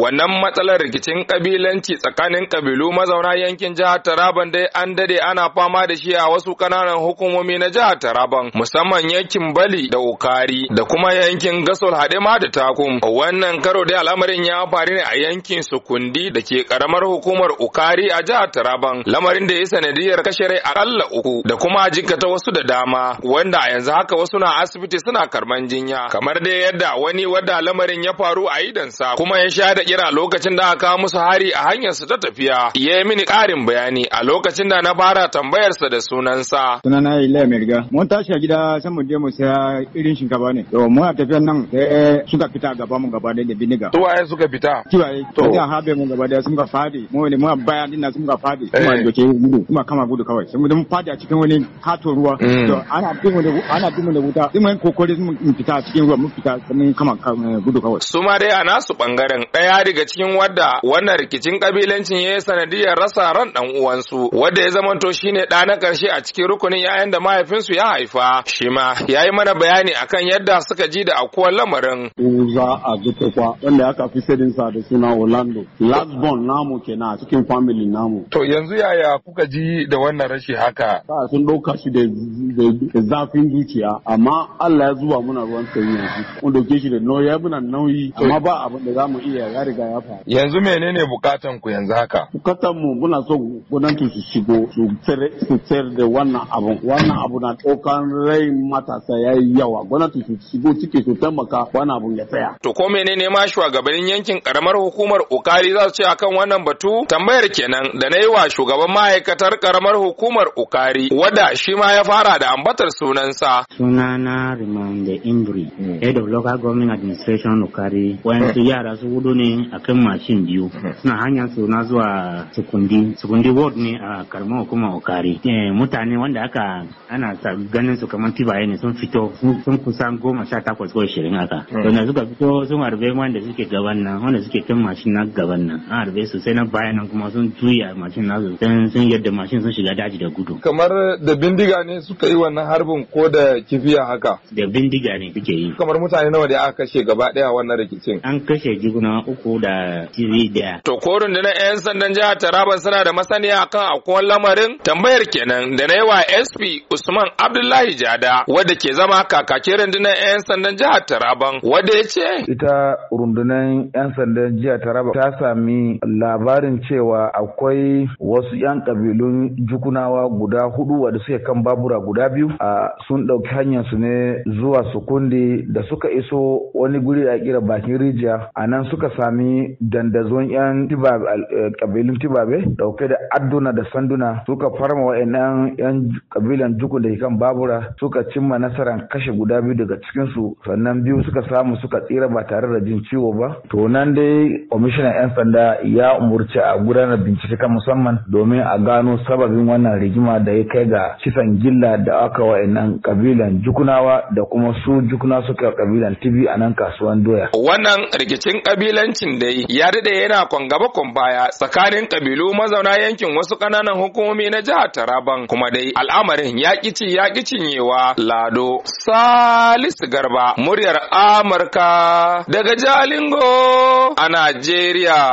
wannan matsalar rikicin kabilanci tsakanin kabilu mazauna yankin jihar Taraban dai an dade ana fama da shi a wasu kananan hukumomi na jihar Taraban musamman yankin Bali da Ukari da kuma yankin Gasol Hadema da Takum wannan karo dai al'amarin ya faru ne a yankin Sukundi da ke karamar hukumar Ukari a jihar Taraban lamarin da ya sanadiyar kashe rai akalla uku da kuma jikata wasu da dama wanda a yanzu haka wasu na asibiti suna karman jinya kamar dai yadda wani wadda lamarin ya faru a sa, kuma ya sha da kira lokacin da aka musu hari a hanyarsa ta tafiya ya yi mini ƙarin bayani a lokacin da na fara tambayarsa da sunansa. Sunana Ilai mirga. Mun tashi a gida sai mu je mu saya irin shinkafa ne. To muna tafiyan nan sai eh, eh, suka fita gaba mu gaba da biniga. waye suka fita. Tuwaye. To. Sai habe mu gaba da sun ka fadi. Mu ne mu baya dinna sun ka fadi. Kuma eh. doke gudu. Kuma kama gudu kawai. Sai mu dan fadi a cikin wani kato ruwa. Mm. To ana bin mu da ana bin mu da wuta. Sai mu kokori mun fita cikin ruwa mun fita mun kama gudu kawai. Su ma dai a nasu bangaren ɗaya daga cikin wadda wannan rikicin kabilancin ya yi sanadiyar rasa ran ɗan uwansu wadda ya zamanto shine ɗa na ƙarshe a cikin rukunin 'ya'yan da mahaifinsu ya haifa shi ma ya yi mana bayani akan yadda suka ji da akuwar lamarin. za Uza kwa wanda aka fi sa da suna Orlando last born namu kenan a cikin family namu. To yanzu yaya kuka ji da wannan rashi haka? Sa sun ɗauka shi da zafin zuciya amma Allah ya zuwa muna ruwan sanyi yanzu. Mun dauke shi da nauyi muna nauyi amma ba abin da za mu iya ya riga ya faru. Yanzu menene bukatan ku yanzu haka? Bukatan mu muna so gwamnati su shigo su tsere da wannan abu Wannan abu na ɗaukan rai matasa ya yi yawa. Gwamnati su shigo cike su taimaka wannan abu ya tsaya. To ko menene ma shugabannin yankin karamar hukumar Okari za su ce akan wannan batu? Tambayar kenan da na yi wa shugaban ma'aikatar karamar hukumar Okari wadda shi ma ya fara da ambatar sunansa. Sunana Rimande Imbri, hmm. Head of Local Government Administration Okari. Wayansu yara su hudu ne akan mashin biyu suna hanyar su na zuwa sukundi sukundi ward ne a karamar hukumar okari eh, mutane wanda aka ana ganin su kamar tibaye ne sun fito sun kusan goma sha takwas ko shirin haka hmm. wanda suka fito sun harbe wanda suke gaban nan wanda suke kan mashin na gaban nan an harbe su sai na bayan nan kuma sun juya mashin na su sun yadda mashin sun shiga daji da gudu kamar da bindiga ne suka yi wannan harbin ko da kifiya haka da bindiga ne suke yi kamar mutane nawa da aka kashe gaba daya wannan rikicin an kashe jiguna uku ko da kiridiya. To da rundunar 'yan sandan jihar Taraba suna da masaniya kan akwai lamarin tambayar kenan da na yi wa SP Usman Abdullahi Jada wadda ke zama kakakin rundunar 'yan sandan jihar Taraban wadda ya ce. Ita rundunar 'yan sandan jihar Taraba ta sami labarin cewa akwai wasu 'yan kabilun jukunawa guda hudu wadda suke kan babura guda biyu a sun ɗauki hanyar su ne zuwa sukundi da suka iso wani guri a kira bakin rijiya a nan suka sami sami dandazon 'yan eh, kabilun tibabe dauke da adduna da sanduna suka farma wa'annan 'yan kabilan juku da kan babura suka cimma nasarar kashe guda biyu daga cikinsu sannan biyu suka samu suka tsira ba tare da jin ciwo ba to nan dai kwamishinan 'yan sanda ya umurci a gudanar bincike kan musamman domin a gano sababin wannan rigima da ya kai ga kisan gilla da aka wa wa'annan kabilan jukunawa da kuma su jukuna suka kabilan tibi a nan kasuwan doya wannan rikicin kabilanci yankin dai ya daɗe yana kwangaba baya tsakanin ƙabilu mazauna yankin wasu ƙananan hukumomi na jihar Taraban kuma dai al'amarin ya kici ya cinyewa Lado Salisu Garba muryar Amurka daga Jalingo a Najeriya.